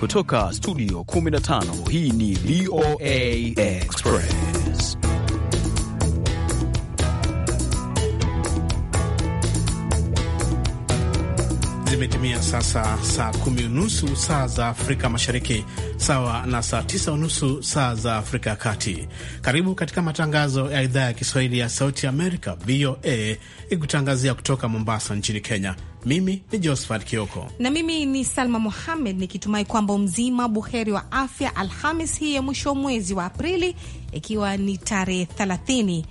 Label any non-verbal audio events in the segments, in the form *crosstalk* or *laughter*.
Kutoka studio 15 hii ni VOA Express. Zimetimia sasa saa kumi unusu saa za Afrika Mashariki sawa na saa tisa unusu saa za Afrika ya Kati. Karibu katika matangazo ya idhaa ya Kiswahili ya Sauti Amerika, VOA, ikutangazia kutoka Mombasa nchini Kenya. Mimi ni Josephat Kioko na mimi ni Salma muhammed nikitumai kwamba mzima buheri wa afya, Alhamis hii ya mwisho mwezi wa Aprili, ikiwa ni tarehe 30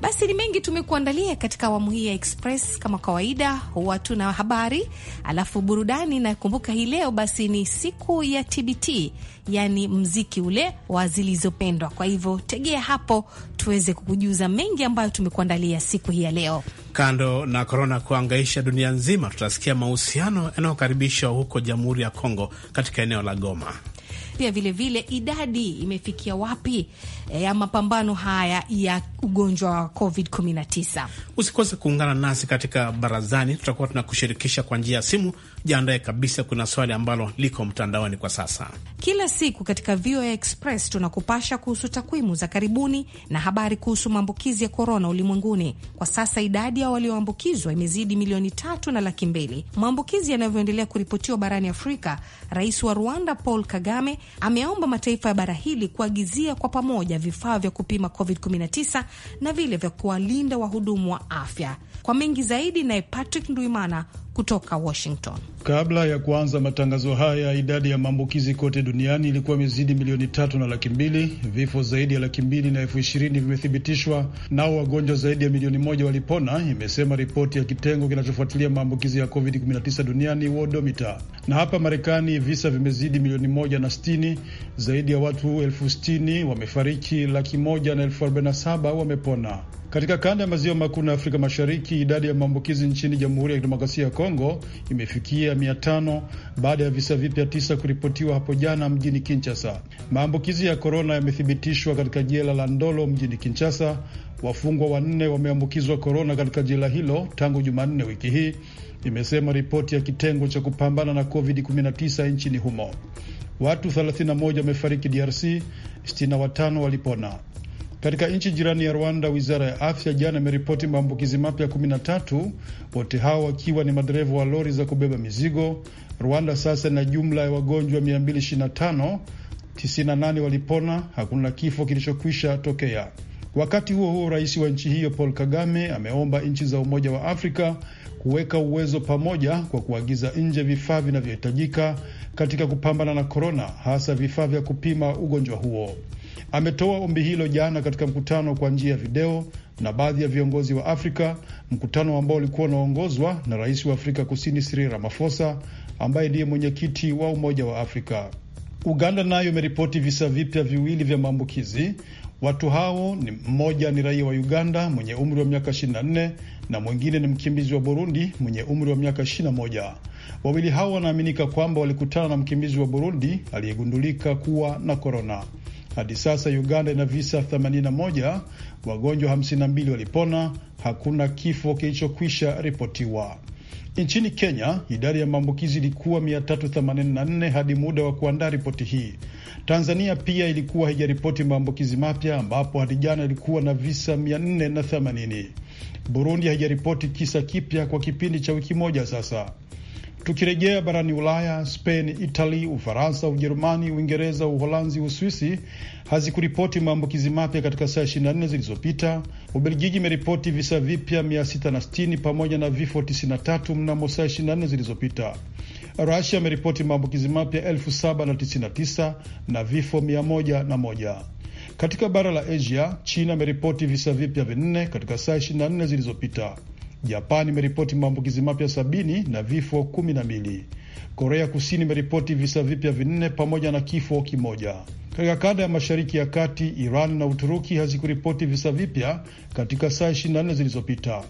basi ni mengi tumekuandalia katika awamu hii ya Express. Kama kawaida, huwa tuna habari alafu burudani, na kumbuka hii leo basi ni siku ya TBT, yaani mziki ule wa zilizopendwa. Kwa hivyo tegea hapo tuweze kukujuza mengi ambayo tumekuandalia siku hii ya leo. Kando na korona kuangaisha dunia nzima, tutasikia mahusiano yanayokaribishwa huko Jamhuri ya Kongo katika eneo la Goma pia vilevile vile, idadi imefikia wapi e, ya mapambano haya ya ugonjwa wa COVID-19. Usikose kuungana nasi katika barazani, tutakuwa tunakushirikisha kwa njia ya simu jiandae kabisa, kuna swali ambalo liko mtandaoni kwa sasa. Kila siku katika VOA Express tunakupasha kuhusu takwimu za karibuni na habari kuhusu maambukizi ya korona ulimwenguni. Kwa sasa idadi ya walioambukizwa imezidi milioni tatu na laki mbili. Maambukizi yanavyoendelea kuripotiwa barani Afrika, rais wa Rwanda Paul Kagame ameomba mataifa ya bara hili kuagizia kwa pamoja vifaa vya kupima COVID-19 na vile vya kuwalinda wahudumu wa afya. Kwa mengi zaidi, naye Patrick Nduimana kutoka Washington. Kabla ya kuanza matangazo haya, idadi ya maambukizi kote duniani ilikuwa imezidi milioni tatu na laki mbili. Vifo zaidi ya laki mbili na elfu ishirini vimethibitishwa, nao wagonjwa zaidi ya milioni moja walipona, imesema ripoti ya kitengo kinachofuatilia maambukizi ya COVID-19 duniani Wodomita. Na hapa Marekani visa vimezidi milioni moja na sitini, zaidi ya watu elfu sitini wamefariki, laki moja na elfu arobaini na saba wamepona. Katika kanda ya maziwa makuu na Afrika Mashariki, idadi ya maambukizi nchini Jamhuri ya Kidemokrasia ya Kongo imefikia mia tano baada ya visa vipya tisa kuripotiwa hapo jana mjini Kinshasa. Maambukizi ya korona yamethibitishwa katika jela la Ndolo mjini Kinshasa. Wafungwa wanne wameambukizwa korona katika jela hilo tangu Jumanne wiki hii, imesema ripoti ya kitengo cha kupambana na COVID-19 nchini humo. Watu 31 wamefariki DRC, 65 walipona. Katika nchi jirani ya Rwanda, wizara ya afya jana imeripoti maambukizi mapya 13, wote hao wakiwa ni madereva wa lori za kubeba mizigo. Rwanda sasa ina jumla ya wagonjwa 225, 98 walipona. Hakuna kifo kilichokwisha tokea. Wakati huo huo, rais wa nchi hiyo Paul Kagame ameomba nchi za Umoja wa Afrika kuweka uwezo pamoja kwa kuagiza nje vifaa vinavyohitajika katika kupambana na korona, hasa vifaa vya kupima ugonjwa huo ametoa ombi hilo jana katika mkutano kwa njia ya video na baadhi ya viongozi wa Afrika, mkutano ambao ulikuwa unaongozwa na rais wa Afrika Kusini Cyril Ramaphosa ambaye ndiye mwenyekiti wa Umoja wa Afrika. Uganda nayo imeripoti visa vipya viwili vya maambukizi. Watu hao ni mmoja ni raia wa Uganda mwenye umri wa miaka 24 na mwingine ni mkimbizi wa Burundi mwenye umri wa miaka 21. Wawili hao wanaaminika kwamba walikutana na mkimbizi wa Burundi aliyegundulika kuwa na korona. Hadi sasa Uganda ina visa 81, wagonjwa 52 walipona. Hakuna kifo kilichokwisha ripotiwa. Nchini Kenya, idadi ya maambukizi ilikuwa 384 hadi muda wa kuandaa ripoti hii. Tanzania pia ilikuwa haijaripoti maambukizi mapya, ambapo hadi jana ilikuwa na visa 480. Burundi haijaripoti kisa kipya kwa kipindi cha wiki moja sasa. Tukirejea barani Ulaya, Spain, Italy, Ufaransa, Ujerumani, Uingereza, Uholanzi, Uswisi hazikuripoti maambukizi mapya katika saa 24 zilizopita. Ubelgiji imeripoti visa vipya 660 pamoja na vifo 93 mnamo saa 24 zilizopita. Rusia ameripoti maambukizi mapya 799 na vifo 101. Katika bara la Asia, China ameripoti visa vipya vinne katika saa 24 zilizopita. Japan imeripoti maambukizi mapya sabini na vifo kumi na mbili. Korea Kusini imeripoti visa vipya vinne pamoja na kifo kimoja. Katika kanda ya mashariki ya kati, Iran na Uturuki hazikuripoti visa vipya katika saa 24 zilizopita.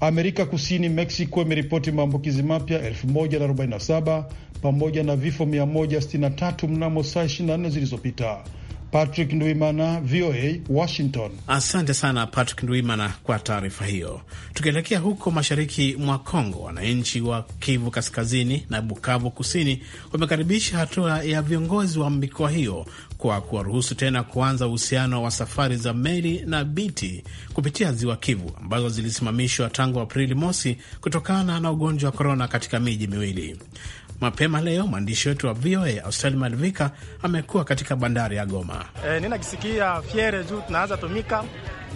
Amerika Kusini, Meksiko imeripoti maambukizi mapya 1047 pamoja na vifo 163 mnamo saa 24 zilizopita. Patrick Ndwimana, VOA Washington. Asante sana Patrick Ndwimana kwa taarifa hiyo. Tukielekea huko mashariki mwa Kongo, wananchi wa Kivu Kaskazini na Bukavu Kusini wamekaribisha hatua ya viongozi wa mikoa hiyo kwa kuwaruhusu tena kuanza uhusiano wa safari za meli na biti kupitia ziwa Kivu ambazo zilisimamishwa tangu Aprili mosi kutokana na ugonjwa wa korona katika miji miwili. Mapema leo mwandishi wetu wa VOA Austali Malivika amekuwa katika bandari ya Goma. E, eh, ninakisikia fyere juu tunaanza tumika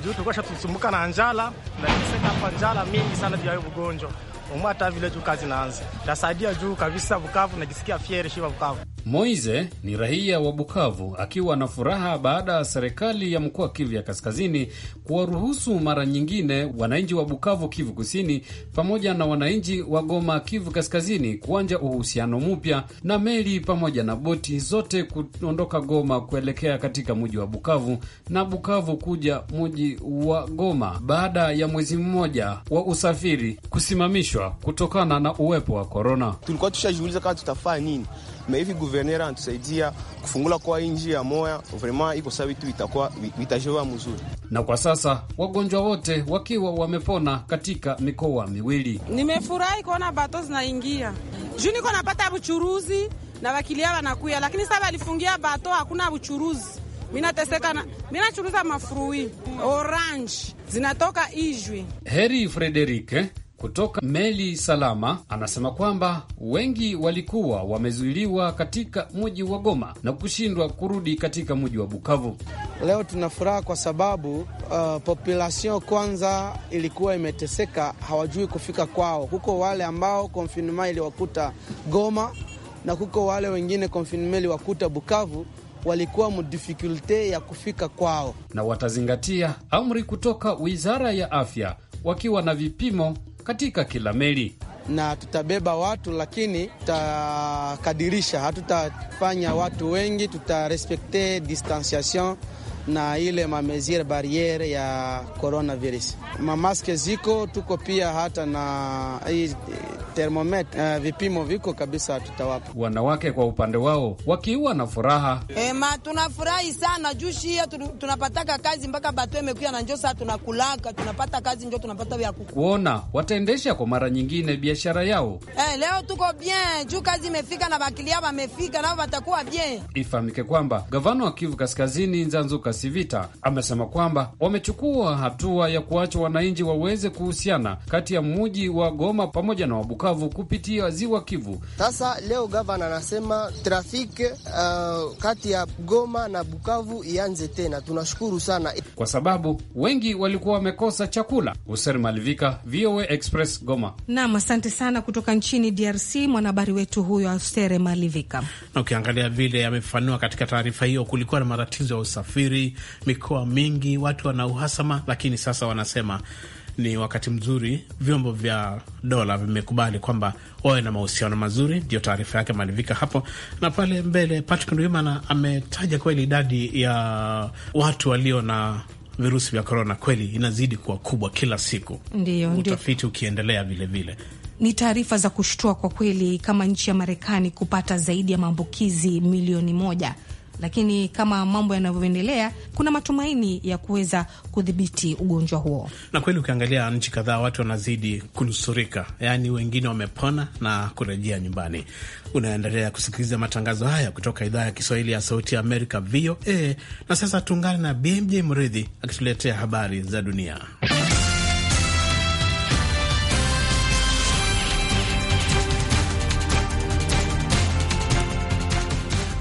juu tukosha tusumbuka na njala naiseka njala mingi sana juu ya ugonjwa umwe hata vile juu kazi naanza tasaidia juu kabisa Bukavu, nakisikia fyere shiva Bukavu. Moise ni raia wa Bukavu akiwa na furaha baada ya serikali ya mkoa Kivu ya Kaskazini kuwaruhusu mara nyingine wananchi wa Bukavu, Kivu Kusini, pamoja na wananchi wa Goma, Kivu Kaskazini, kuanja uhusiano mpya na meli pamoja na boti zote kuondoka Goma kuelekea katika mji wa Bukavu na Bukavu kuja mji wa Goma baada ya mwezi mmoja wa usafiri kusimamishwa kutokana na uwepo wa korona. Tulikuwa tushajiuliza kama tutafanya nini me hivi guvernera anatusaidia kufungula kwa inji ya moya vrema iko saa vitu vitakuwa vitajewa mzuri. Na kwa sasa wagonjwa wote wakiwa wamepona katika mikoa miwili. Nimefurahi kuona bato zinaingia juu niko napata buchuruzi na wakilia wanakuya, lakini sasa alifungia bato, hakuna buchuruzi. Minateseka na minachuruza mafurui orange zinatoka Ijwi. Heri Frederike eh? kutoka meli salama anasema kwamba wengi walikuwa wamezuiliwa katika mji wa Goma na kushindwa kurudi katika mji wa Bukavu. Leo tuna furaha kwa sababu uh, populasion kwanza ilikuwa imeteseka, hawajui kufika kwao. Kuko wale ambao konfinema iliwakuta Goma na kuko wale wengine konfinema iliwakuta Bukavu walikuwa mdifikulte ya kufika kwao, na watazingatia amri kutoka wizara ya afya wakiwa na vipimo katika kila meli na tutabeba watu lakini tutakadirisha, hatutafanya watu wengi, tutarespekte distanciation na ile mamezire barriere ya coronavirus. Mamaske ziko tuko pia hata na hii eh, Termomet, uh, eh, vipimo viko kabisa, tutawapa wanawake kwa upande wao wakiwa na furaha e, ma tunafurahi sana juu shia tunapataka kazi mpaka bato imekuya na njo saa tunakulaka tunapata kazi njo tunapata vya kuona, wataendesha kwa mara nyingine biashara yao. E, leo tuko bien juu kazi imefika na bakilia wamefika nao watakuwa bien. Ifahamike kwamba gavana wa Kivu Kaskazini Nzanzuka Sivita amesema kwamba wamechukua hatua ya kuacha wananchi waweze kuhusiana kati ya mji wa Goma pamoja na Wabukavu kupitia ziwa Kivu. Sasa leo gavana anasema trafiki uh, eh, kati ya Goma na Bukavu ianze tena. Tunashukuru sana kwa sababu wengi walikuwa wamekosa chakula. User Malivika, VOA Express, Goma. Naam, asante sana kutoka nchini DRC mwanahabari wetu huyo Austere Malivika. Na Ukiangalia vile amefanua katika taarifa hiyo, kulikuwa na matatizo ya usafiri Kisii, mikoa mingi, watu wana uhasama, lakini sasa wanasema ni wakati mzuri, vyombo vya dola vimekubali kwamba wawe na mahusiano mazuri. Ndio taarifa yake malivika hapo na pale mbele. Patrick Ndwimana ametaja kweli idadi ya watu walio na virusi vya korona kweli inazidi kuwa kubwa kila siku, ndio utafiti ndiyo, ukiendelea vilevile vile. Ni taarifa za kushtua kwa kweli, kama nchi ya Marekani kupata zaidi ya maambukizi milioni moja lakini kama mambo yanavyoendelea, kuna matumaini ya kuweza kudhibiti ugonjwa huo. Na kweli ukiangalia nchi kadhaa watu wanazidi kunusurika, yaani wengine wamepona na kurejea nyumbani. Unaendelea kusikiliza matangazo haya kutoka idhaa ya Kiswahili ya Sauti ya Amerika, VOA. Na sasa tuungane na BMJ Mridhi akituletea habari za dunia.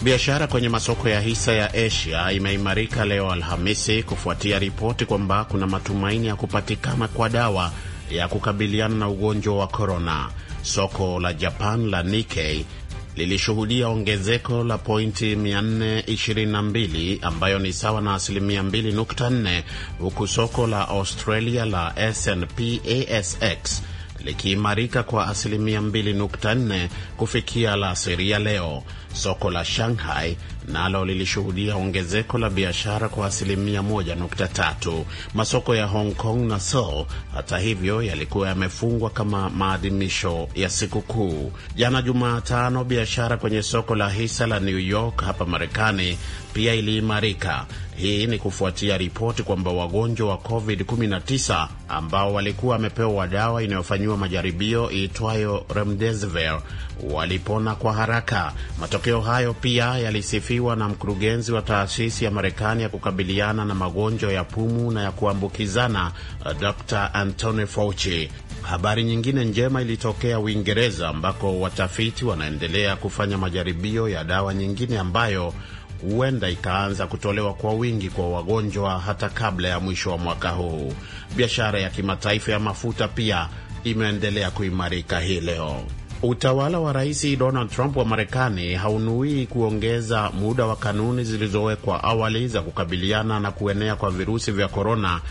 Biashara kwenye masoko ya hisa ya Asia imeimarika leo Alhamisi kufuatia ripoti kwamba kuna matumaini ya kupatikana kwa dawa ya kukabiliana na ugonjwa wa korona. Soko la Japan la Nikkei lilishuhudia ongezeko la pointi 422 ambayo ni sawa na asilimia 2.4, huku soko la Australia la S&P ASX likiimarika kwa asilimia 2.4 kufikia alasiri ya leo. Soko la Shanghai nalo lilishuhudia ongezeko la biashara kwa asilimia 1.3. Masoko ya Hong Kong na Seoul, hata hivyo, yalikuwa yamefungwa kama maadhimisho ya sikukuu. Jana Jumatano, biashara kwenye soko la hisa la New York hapa Marekani pia iliimarika. Hii ni kufuatia ripoti kwamba wagonjwa wa COVID-19 ambao walikuwa wamepewa dawa inayofanyiwa majaribio iitwayo remdesivir walipona kwa haraka. Matokeo hayo pia yalisifi iliyofikiwa na mkurugenzi wa taasisi ya Marekani ya kukabiliana na magonjwa ya pumu na ya kuambukizana eh, Dr Anthony Fauci. Habari nyingine njema ilitokea Uingereza, ambako watafiti wanaendelea kufanya majaribio ya dawa nyingine ambayo huenda ikaanza kutolewa kwa wingi kwa wagonjwa hata kabla ya mwisho wa mwaka huu. Biashara ya kimataifa ya mafuta pia imeendelea kuimarika hii leo. Utawala wa Rais Donald Trump wa Marekani haunuii kuongeza muda wa kanuni zilizowekwa awali za kukabiliana na kuenea kwa virusi vya korona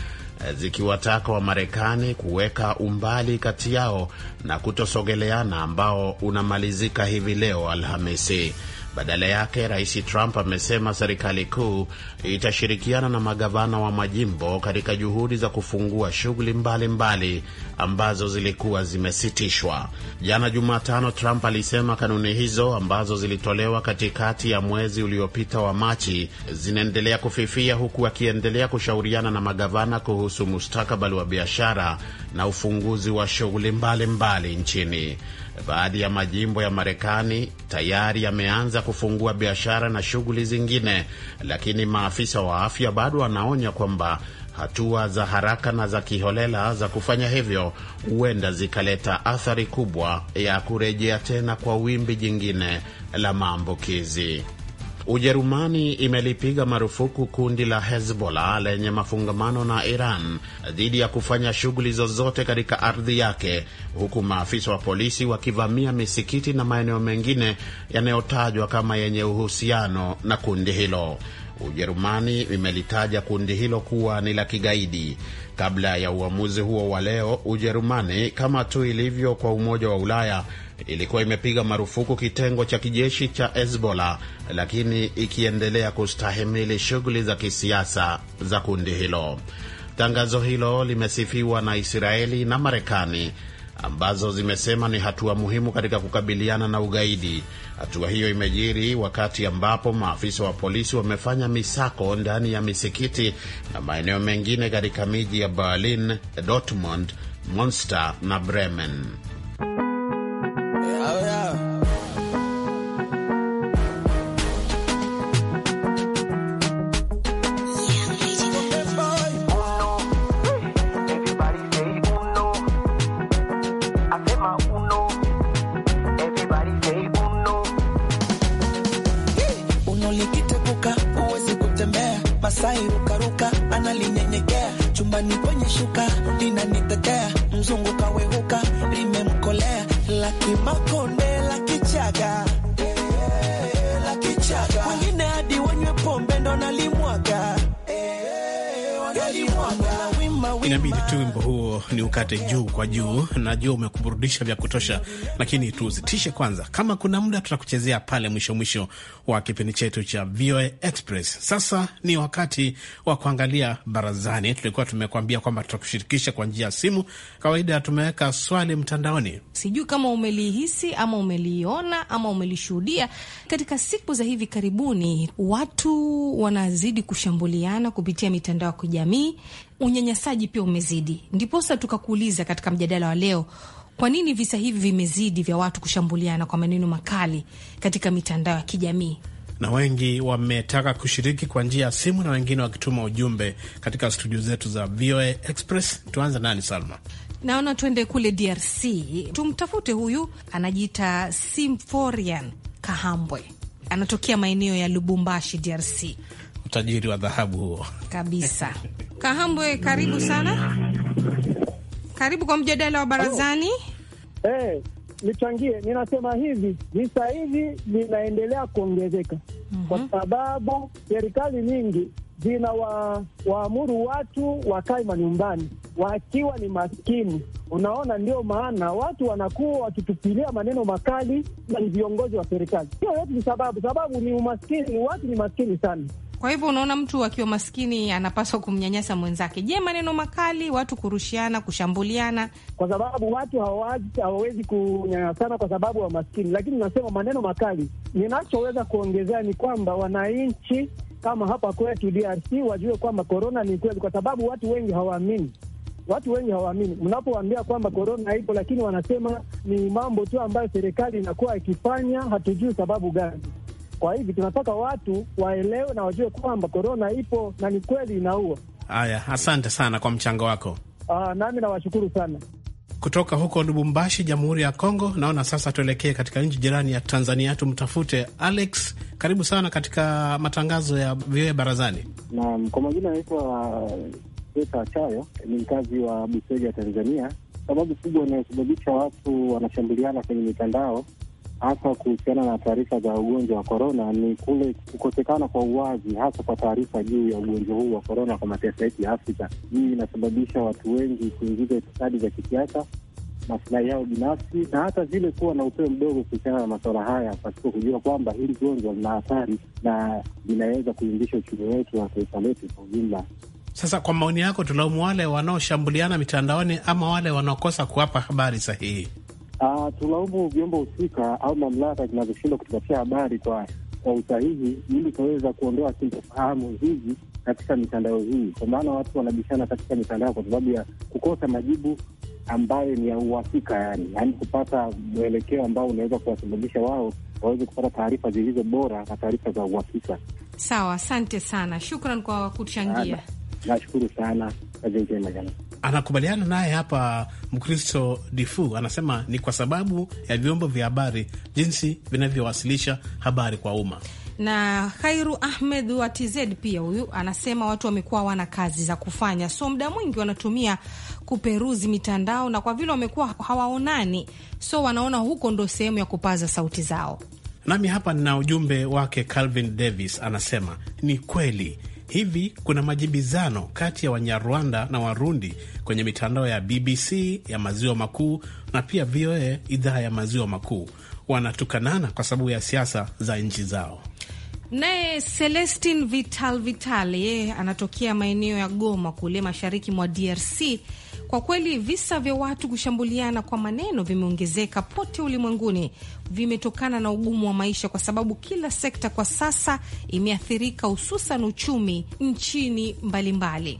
eh, zikiwataka Wamarekani kuweka umbali kati yao na kutosogeleana ambao unamalizika hivi leo Alhamisi. Badala yake Rais Trump amesema serikali kuu itashirikiana na magavana wa majimbo katika juhudi za kufungua shughuli mbalimbali ambazo zilikuwa zimesitishwa. Jana Jumatano, Trump alisema kanuni hizo ambazo zilitolewa katikati ya mwezi uliopita wa Machi zinaendelea kufifia, huku akiendelea kushauriana na magavana kuhusu mustakabali wa biashara na ufunguzi wa shughuli mbalimbali nchini baadhi ya majimbo ya Marekani tayari yameanza kufungua biashara na shughuli zingine, lakini maafisa wa afya bado wanaonya kwamba hatua za haraka na za kiholela za kufanya hivyo huenda zikaleta athari kubwa ya kurejea tena kwa wimbi jingine la maambukizi. Ujerumani imelipiga marufuku kundi la Hezbollah lenye mafungamano na Iran dhidi ya kufanya shughuli zozote katika ardhi yake, huku maafisa wa polisi wakivamia misikiti na maeneo mengine yanayotajwa kama yenye uhusiano na kundi hilo. Ujerumani imelitaja kundi hilo kuwa ni la kigaidi. Kabla ya uamuzi huo wa leo, Ujerumani kama tu ilivyo kwa Umoja wa Ulaya ilikuwa imepiga marufuku kitengo cha kijeshi cha Hezbollah, lakini ikiendelea kustahimili shughuli za kisiasa za kundi hilo. Tangazo hilo limesifiwa na Israeli na Marekani ambazo zimesema ni hatua muhimu katika kukabiliana na ugaidi. Hatua hiyo imejiri wakati ambapo maafisa wa polisi wamefanya misako ndani ya misikiti na maeneo mengine katika miji ya Berlin, Dortmund, Munster na Bremen. tu wimbo huo ni ukate juu kwa juu. Najua umekuburudisha vya kutosha, lakini tuzitishe kwanza. Kama kuna muda, tutakuchezea pale mwisho mwisho wa kipindi chetu cha VOA Express. Sasa ni wakati wa kuangalia barazani. Tulikuwa tumekuambia kwamba tutakushirikisha kwa njia ya simu. Kawaida tumeweka swali mtandaoni, sijui kama umelihisi ama umeliona ama umelishuhudia katika siku za hivi karibuni, watu wanazidi kushambuliana kupitia mitandao ya kijamii unyanyasaji pia umezidi. Ndiposa tukakuuliza katika mjadala wa leo, kwa nini visa hivi vimezidi vya watu kushambuliana kwa maneno makali katika mitandao ya kijamii? na wengi wametaka kushiriki kwa njia ya simu na wengine wakituma ujumbe katika studio zetu za VOA Express. Tuanze nani, Salma? Naona tuende kule DRC, tumtafute huyu, anajiita Simforian Kahambwe, anatokea maeneo ya Lubumbashi, DRC. Utajiri wa dhahabu huo kabisa. *laughs* Kahambwe, karibu sana, karibu kwa mjadala wa barazani. Hey, oh. eh, nichangie. Ninasema hivi visa hivi vinaendelea kuongezeka mm -hmm. kwa sababu serikali nyingi zina wa, waamuru watu wakae manyumbani wakiwa ni maskini. Unaona, ndio maana watu wanakuwa wakitupilia maneno makali na viongozi wa serikali. Hiyo yote ni sababu, sababu ni umaskini, watu ni maskini sana. Kwa hivyo unaona mtu akiwa maskini anapaswa kumnyanyasa mwenzake. Je, maneno makali, watu kurushiana, kushambuliana? Kwa sababu watu hawawezi kunyanyasana kwa sababu wa maskini, lakini nasema maneno makali. Ninachoweza kuongezea ni kwamba wananchi kama hapa kwetu DRC wajue kwamba korona ni kweli, kwa sababu watu wengi hawaamini watu wengi hawaamini mnapoambia kwamba korona ipo, lakini wanasema ni mambo tu ambayo serikali inakuwa ikifanya, hatujui sababu gani. Kwa hivi tunataka watu waelewe na wajue kwamba korona ipo na ni kweli inaua. Haya, asante sana kwa mchango wako. Aa, ah, nami nawashukuru sana kutoka huko Lubumbashi, Jamhuri ya Kongo. Naona sasa tuelekee katika nchi jirani ya Tanzania, tumtafute Alex. Karibu sana katika matangazo ya VOA Barazani. Naam, kwa majina anaitwa uh, Peta Chayo, ni mkazi wa Busoga, Tanzania. Sababu kubwa inayosababisha watu wanashambuliana kwenye mitandao hasa kuhusiana na taarifa za ugonjwa wa korona ni kule kukosekana kwa uwazi, hasa kwa taarifa juu ya ugonjwa huu wa korona kwa mataifa yetu ya Afrika. Hii inasababisha watu wengi kuingiza itikadi za kisiasa, masilahi yao binafsi, na hata vile kuwa na upeo mdogo kuhusiana na masuala haya, pasipo kujua kwamba hili gonjwa lina hatari na linaweza kuingisha uchumi wetu wa taifa letu kwa ujumla. Sasa kwa maoni yako, tulaumu wale wanaoshambuliana mitandaoni ama wale wanaokosa kuwapa habari sahihi? Uh, tulaumu vyombo husika au mamlaka zinazoshindwa kutupatia habari kwa kwa usahihi ili kuweza kuondoa sintofahamu hizi katika mitandao hii, kwa maana watu wanabishana katika mitandao kwa sababu ya kukosa majibu ambayo ni ya uhakika, yani yani kupata mwelekeo ambao unaweza kuwasababisha wao waweze kupata taarifa zilizo bora na taarifa za uhakika. Sawa, asante sana, shukran kwa kuchangia. Nashukuru sana, kazi njema jana anakubaliana naye hapa Mkristo Difu, anasema ni kwa sababu ya vyombo vya habari jinsi vinavyowasilisha habari kwa umma na Khairu Ahmed wa TZ pia huyu anasema watu wamekuwa wana kazi za kufanya, so muda mwingi wanatumia kuperuzi mitandao, na kwa vile wamekuwa hawaonani, so wanaona huko ndo sehemu ya kupaza sauti zao. Nami hapa nina ujumbe wake. Calvin Davis anasema ni kweli Hivi kuna majibizano kati ya Wanyarwanda na Warundi kwenye mitandao ya BBC ya maziwa makuu na pia VOA idhaa ya maziwa makuu, wanatukanana kwa sababu ya siasa za nchi zao. Naye Celestin Vital Vital yeye anatokea maeneo ya Goma kule mashariki mwa DRC kwa kweli visa vya watu kushambuliana kwa maneno vimeongezeka pote ulimwenguni, vimetokana na ugumu wa maisha, kwa sababu kila sekta kwa sasa imeathirika, hususan uchumi nchini mbalimbali.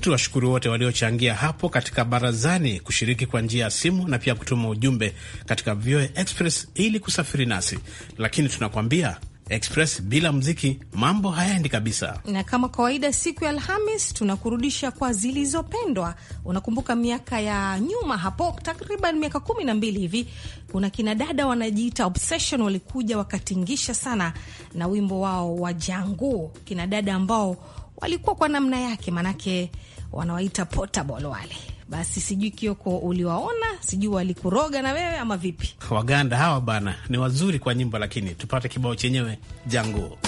Tunashukuru wote waliochangia hapo katika barazani, kushiriki kwa njia ya simu na pia kutuma ujumbe katika VOA Express ili kusafiri nasi, lakini tunakwambia Express bila mziki mambo hayaendi kabisa. Na kama kawaida, siku ya Alhamis tunakurudisha kwa zilizopendwa. Unakumbuka miaka ya nyuma hapo, takriban miaka kumi na mbili hivi, kuna kina dada wanajiita Obsession walikuja wakatingisha sana na wimbo wao wa Jangu. Kina dada ambao walikuwa kwa namna yake, manake wanawaita potable wale basi sijui Kioko, uliwaona sijui walikuroga na wewe ama vipi? Waganda hawa bana ni wazuri kwa nyimbo, lakini tupate kibao chenyewe janguo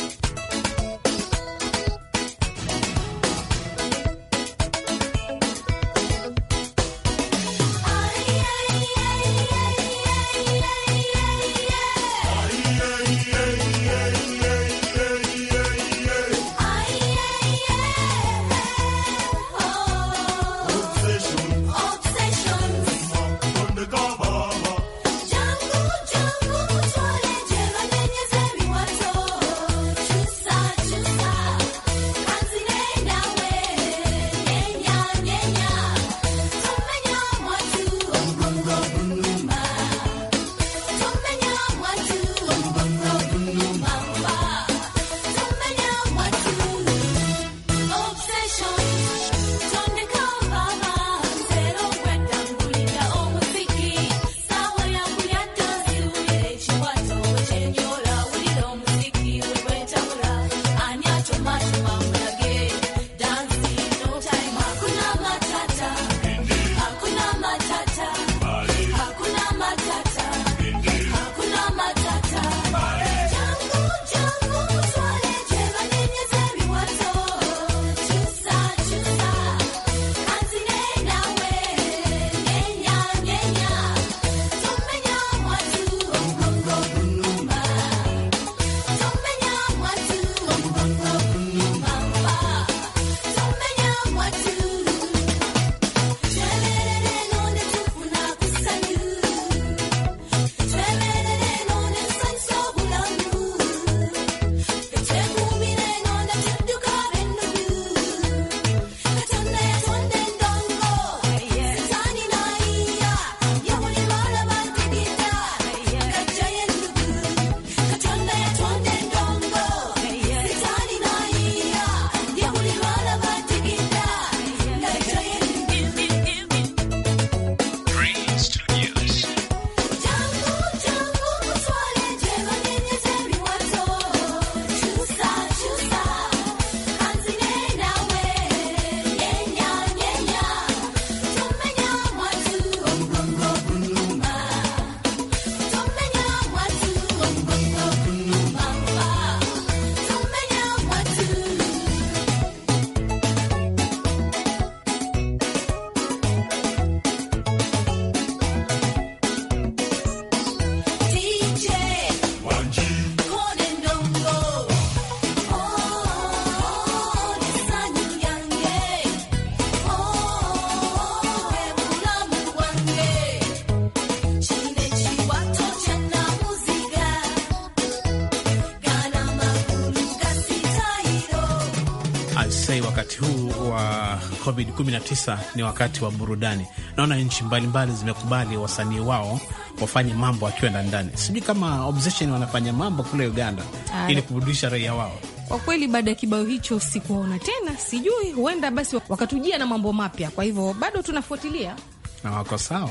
COVID-19 ni wakati wa burudani. Naona nchi mbalimbali zimekubali wasanii wao wafanye mambo wakiwa ndani. Sijui kama Obsession wanafanya mambo kule Uganda ah, ili kuburudisha raia wao. Kwa kweli baada ya kibao hicho sikuwaona tena, sijui huenda basi wakatujia na mambo mapya. Kwa hivyo bado tunafuatilia na wako sawa.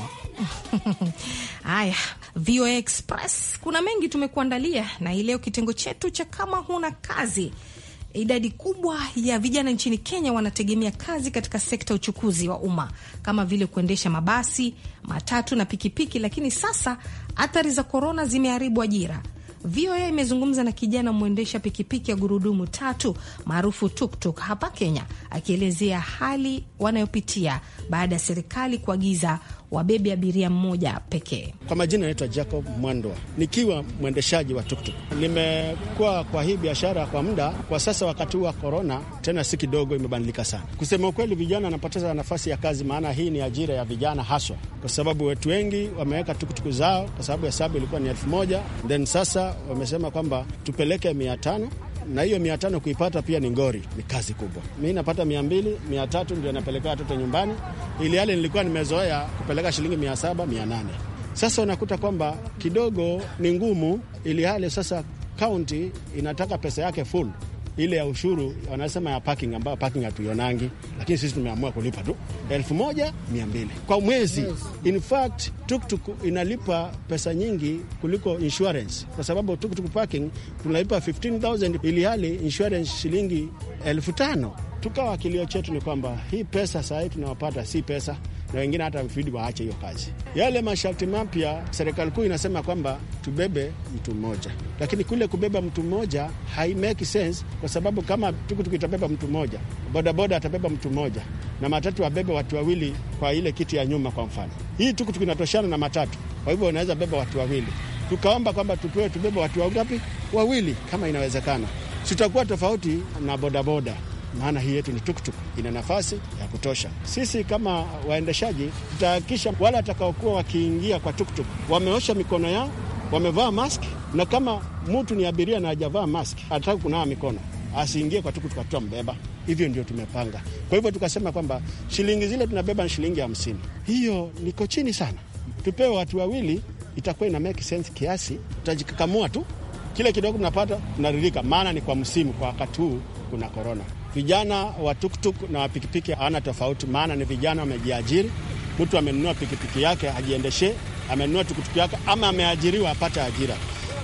*laughs* Haya, VOA Express, kuna mengi tumekuandalia, na hii leo kitengo chetu cha kama huna kazi idadi kubwa ya vijana nchini Kenya wanategemea kazi katika sekta ya uchukuzi wa umma kama vile kuendesha mabasi, matatu na pikipiki, lakini sasa athari za korona zimeharibu ajira. VOA imezungumza na kijana mwendesha pikipiki ya gurudumu tatu maarufu tuktuk hapa Kenya, akielezea hali wanayopitia baada ya serikali kuagiza wabebe abiria mmoja pekee. Kwa majina anaitwa Jacob Mwandwa, nikiwa mwendeshaji wa tuktuk. Nimekuwa kwa hii biashara kwa muda kwa sasa, wakati huu wa korona tena si kidogo, imebadilika sana. Kusema ukweli, vijana wanapoteza nafasi ya kazi, maana hii ni ajira ya vijana haswa, kwa sababu watu wengi wameweka tukutuku zao, kwa sababu hesabu ilikuwa ni elfu moja then sasa wamesema kwamba tupeleke mia tano na hiyo mia tano kuipata pia ni ngori, ni kazi kubwa. Mi napata mia mbili mia tatu ndio napeleka watoto nyumbani, ili hali nilikuwa nimezoea kupeleka shilingi mia saba mia nane Sasa unakuta kwamba kidogo ni ngumu, ili hali sasa kaunti inataka pesa yake full ile ya ushuru wanasema ya parking, ambayo parking hatuionangi, lakini sisi tumeamua kulipa tu elfu moja mia mbili kwa mwezi. In fact tuktuk inalipa pesa nyingi kuliko insurance, kwa sababu tuktuk parking tunalipa 15000 ili hali insurance shilingi elfu tano. Tukawa kilio chetu ni kwamba hii pesa sahii tunawapata si pesa na wengine hata vifidi waache hiyo kazi. Yale masharti mapya, serikali kuu inasema kwamba tubebe mtu mmoja, lakini kule kubeba mtu mmoja haimeki sense, kwa sababu kama tukutuku itabeba mtu mmoja, bodaboda atabeba mtu mmoja na matatu wabebe watu wawili kwa ile kiti ya nyuma. Kwa mfano, hii tukutuku inatoshana na matatu, kwa hivyo unaweza beba watu wawili. Tukaomba kwamba tupewe tubebe watu wangapi? Wawili, kama inawezekana, sitakuwa tofauti na bodaboda maana hii yetu ni tuktuk, ina nafasi ya kutosha. Sisi kama waendeshaji tutahakikisha wale watakaokuwa wakiingia kwa tuktuk wameosha mikono yao, wamevaa mask, na kama mtu ni abiria na hajavaa mask, anataka kunawa mikono asiingie kwa tuktuk atutambeba. Hivyo ndio tumepanga. Kwa hivyo tukasema kwamba shilingi zile tunabeba ni shilingi hamsini. Hiyo niko chini sana, tupewe watu wawili, itakuwa ina make sense kiasi, tutajikakamua tu kile kidogo tunapata tunaridhika, maana ni kwa msimu, kwa wakati huu kuna korona. Vijana wa tuktuk na wapikipiki hawana tofauti, maana ni vijana wamejiajiri. Mtu amenunua pikipiki yake ajiendeshe, amenunua tukutuku yake ama ameajiriwa apate ajira.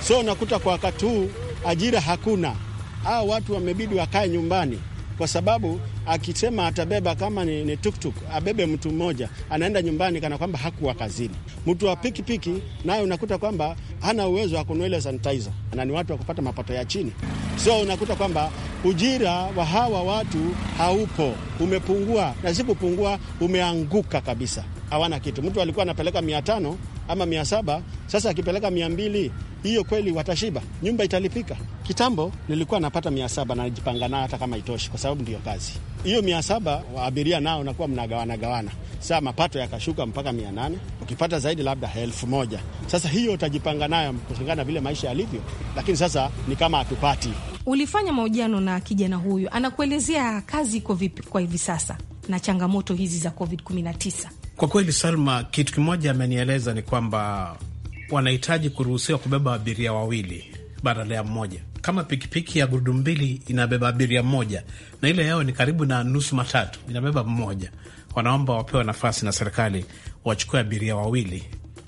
So unakuta kwa wakati huu ajira hakuna, hao watu wamebidi wakae nyumbani kwa sababu akisema atabeba kama ni, ni tuktuk abebe mtu mmoja, anaenda nyumbani kana kwamba hakuwa kazini. Mtu wa pikipiki naye unakuta kwamba hana uwezo wa kununua ile sanitizer, na ni watu wa kupata mapato ya chini, so unakuta kwamba ujira wa hawa watu haupo, umepungua, na si kupungua, umeanguka kabisa. Hawana kitu. Mtu alikuwa anapeleka mia tano ama mia saba. Sasa akipeleka mia mbili, hiyo kweli watashiba, nyumba italipika. Kitambo nilikuwa napata mia saba najipanga nayo, hata kama itoshi, kwa sababu ndiyo kazi hiyo. Mia saba abiria nao nakuwa mnagawanagawana, saa mapato yakashuka mpaka mia nane, ukipata zaidi labda elfu moja. Sasa hiyo utajipanga nayo kulingana na vile maisha yalivyo, lakini sasa ni kama hatupati. Ulifanya mahojiano na kijana huyu, anakuelezea kazi iko vipi kwa hivi sasa na changamoto hizi za COVID-19. Kwa kweli, Salma, kitu kimoja amenieleza ni kwamba wanahitaji kuruhusiwa kubeba abiria wawili badala ya mmoja. Kama pikipiki ya gurudumu mbili inabeba abiria mmoja na ile yao ni karibu na nusu matatu inabeba mmoja, wanaomba wapewe nafasi na serikali wachukue abiria wawili.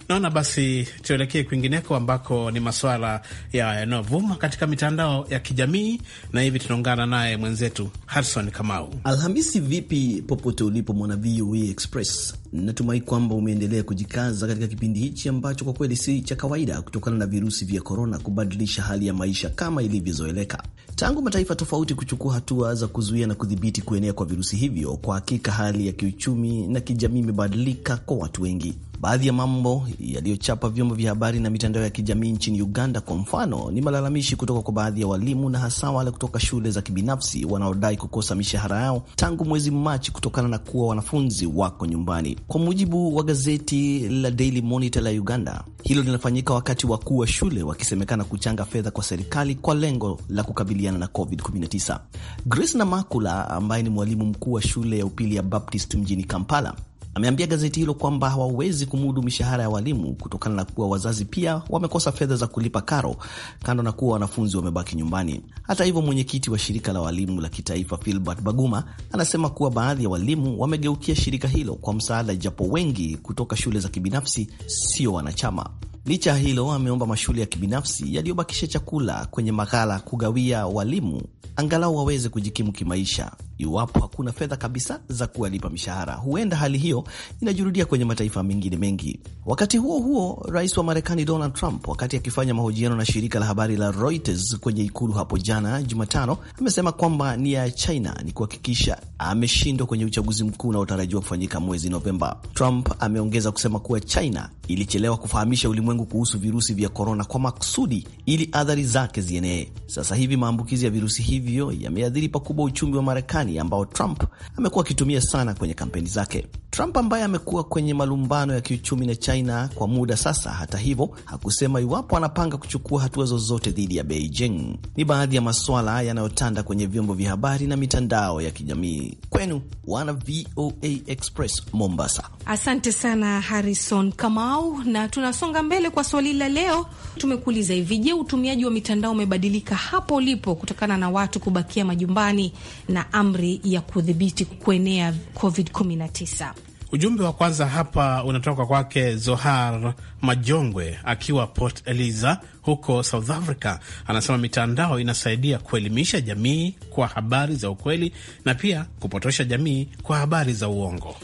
Naona basi tuelekee kwingineko ambako ni masuala yanayovuma katika mitandao ya kijamii, na hivi tunaungana naye mwenzetu harison Kamau. Alhamisi vipi, popote ulipo mwana VOA Express Natumai kwamba umeendelea kujikaza katika kipindi hichi ambacho kwa kweli si cha kawaida kutokana na virusi vya korona kubadilisha hali ya maisha kama ilivyozoeleka. Tangu mataifa tofauti kuchukua hatua za kuzuia na kudhibiti kuenea kwa virusi hivyo, kwa hakika hali ya kiuchumi na kijamii imebadilika kwa watu wengi. Baadhi ya mambo yaliyochapa vyombo vya habari na mitandao ya kijamii nchini Uganda kwa mfano ni malalamishi kutoka kwa baadhi ya walimu na hasa wale kutoka shule za kibinafsi wanaodai kukosa mishahara yao tangu mwezi Machi kutokana na kuwa wanafunzi wako nyumbani. Kwa mujibu wa gazeti la Daily Monitor la Uganda, hilo linafanyika wakati wakuu wa shule wakisemekana kuchanga fedha kwa serikali kwa lengo la kukabiliana na COVID-19. Grace Namakula ambaye ni mwalimu mkuu wa shule ya upili ya Baptist mjini Kampala Ameambia gazeti hilo kwamba hawawezi kumudu mishahara ya walimu kutokana na kuwa wazazi pia wamekosa fedha za kulipa karo, kando na kuwa wanafunzi wamebaki nyumbani. Hata hivyo, mwenyekiti wa shirika la walimu la kitaifa Filbert Baguma anasema kuwa baadhi ya walimu wamegeukia shirika hilo kwa msaada, japo wengi kutoka shule za kibinafsi sio wanachama. Licha ya hilo, ameomba mashule ya kibinafsi yaliyobakisha chakula kwenye maghala kugawia walimu angalau waweze kujikimu kimaisha, iwapo hakuna fedha kabisa za kuwalipa mishahara. Huenda hali hiyo inajurudia kwenye mataifa mengine mengi. Wakati huo huo, rais wa Marekani Donald Trump, wakati akifanya mahojiano na shirika la habari la Reuters kwenye ikulu hapo jana Jumatano, amesema kwamba nia ya China ni kuhakikisha ameshindwa kwenye uchaguzi mkuu unaotarajiwa kufanyika mwezi Novemba. Trump ameongeza kusema kuwa China ilichelewa kufahamisha ulimwengu ulimwengu kuhusu virusi vya korona kwa makusudi ili athari zake zienee. Sasa hivi maambukizi ya virusi hivyo yameathiri pakubwa uchumi wa Marekani ambao Trump amekuwa akitumia sana kwenye kampeni zake. Trump ambaye amekuwa kwenye malumbano ya kiuchumi na China kwa muda sasa, hata hivyo hakusema iwapo anapanga kuchukua hatua zozote dhidi ya Beijing. Ni baadhi ya maswala yanayotanda kwenye vyombo vya habari na mitandao ya kijamii. Kwenu wana VOA Express Mombasa, asante sana Harrison Kamau, na tunasonga mbele tuendelee kwa swali la leo tumekuuliza hivi: je, utumiaji wa mitandao umebadilika hapo ulipo kutokana na watu kubakia majumbani na amri ya kudhibiti kuenea COVID-19? Ujumbe wa kwanza hapa unatoka kwake Zohar Majongwe akiwa Port Eliza huko South Africa. Anasema mitandao inasaidia kuelimisha jamii kwa habari za ukweli na pia kupotosha jamii kwa habari za uongo.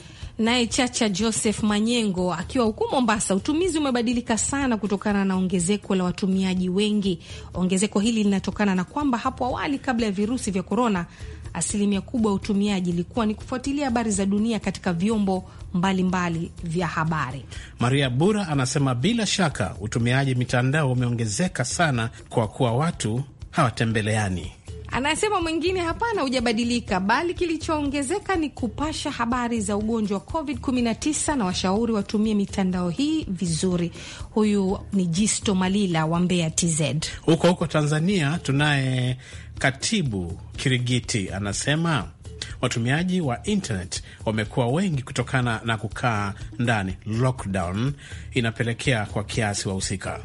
Naye Chacha Joseph Manyengo akiwa huku Mombasa, utumizi umebadilika sana kutokana na ongezeko la watumiaji wengi. Ongezeko hili linatokana na kwamba hapo awali, kabla ya virusi vya korona, asilimia kubwa ya utumiaji ilikuwa ni kufuatilia habari za dunia katika vyombo mbalimbali mbali vya habari. Maria Bura anasema bila shaka utumiaji mitandao umeongezeka sana kwa kuwa watu hawatembeleani. Anasema mwingine, hapana, hujabadilika, bali kilichoongezeka ni kupasha habari za ugonjwa wa COVID-19 na washauri watumie mitandao hii vizuri. Huyu ni Jisto Malila wa Mbeya TZ. Huko huko Tanzania tunaye Katibu Kirigiti, anasema watumiaji wa internet wamekuwa wengi kutokana na kukaa ndani. Lockdown inapelekea kwa kiasi wahusika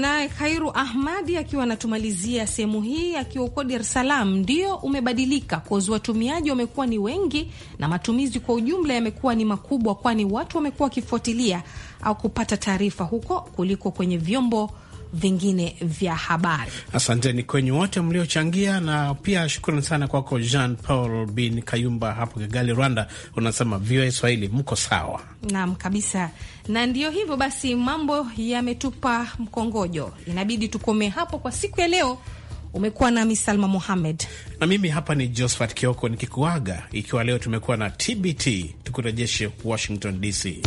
Naye Khairu Ahmadi akiwa anatumalizia sehemu hii akiwa uko Dar es Salaam, ndio umebadilika kozi, watumiaji wamekuwa ni wengi na matumizi kwa ujumla yamekuwa ni makubwa, kwani watu wamekuwa wakifuatilia au kupata taarifa huko kuliko kwenye vyombo vingine vya habari. Asanteni kwenye wote mliochangia, na pia shukrani sana kwako Jean Paul bin Kayumba hapo Kigali, Rwanda. Unasema VOA Swahili mko sawa. Naam kabisa, na ndiyo hivyo basi, mambo yametupa mkongojo, inabidi tukomee hapo kwa siku ya leo. Umekuwa nami Salma Muhamed na mimi hapa ni Josphat Kioko nikikuaga, ikiwa leo tumekuwa na TBT, tukurejeshe Washington DC.